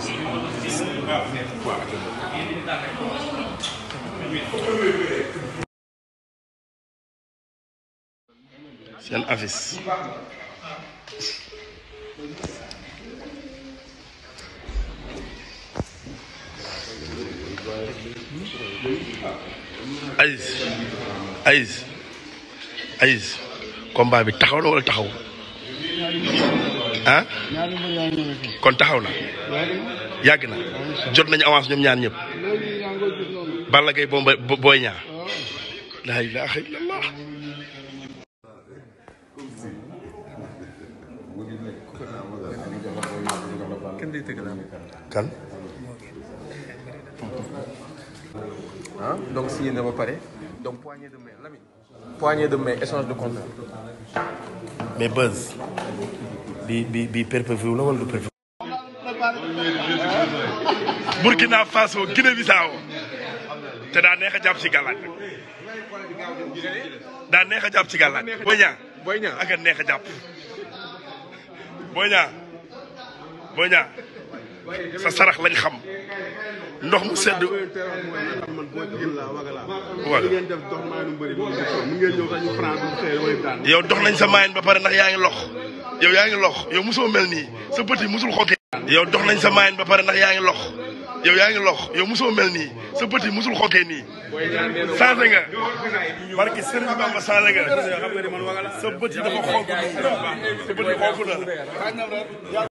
Yes. seen affiche Aziz Aziz bi taxaw na taxaw ah kon taxaw na yàgg na jot nañu avance ñoom ñaar ñëpp Balla Gaye bomba booy ñaar ah. la ilaha illallah kan ah donc signé na ba pare donc poignée de main Lamine poignée de main échange de mais buzz bi bi bi perpévu la wala du Faso te daa neex a jàpp ci gàllaaj nag daa neex a jàpp ci gàllaaj. Boy Niang Boy neex a jàpp Boy Niang Boy Niang sa sarax lañ xam ndox mu sedd. voilà. dox nañ sa maayin ba pare ndax yaa ngi lox. yow yaa ngi lox yow mosoo mel nii sa bët yi mosul xokkee. yow dox nañ sa maayin ba pare ndax yaa ngi lox yow yaa ngi lox yow mosoo mel nii sa bët yi mosul xokkee nii. changé nga. barke Serigne Bamba changé nga. sa bët dafa xonk nii sa bët yi na.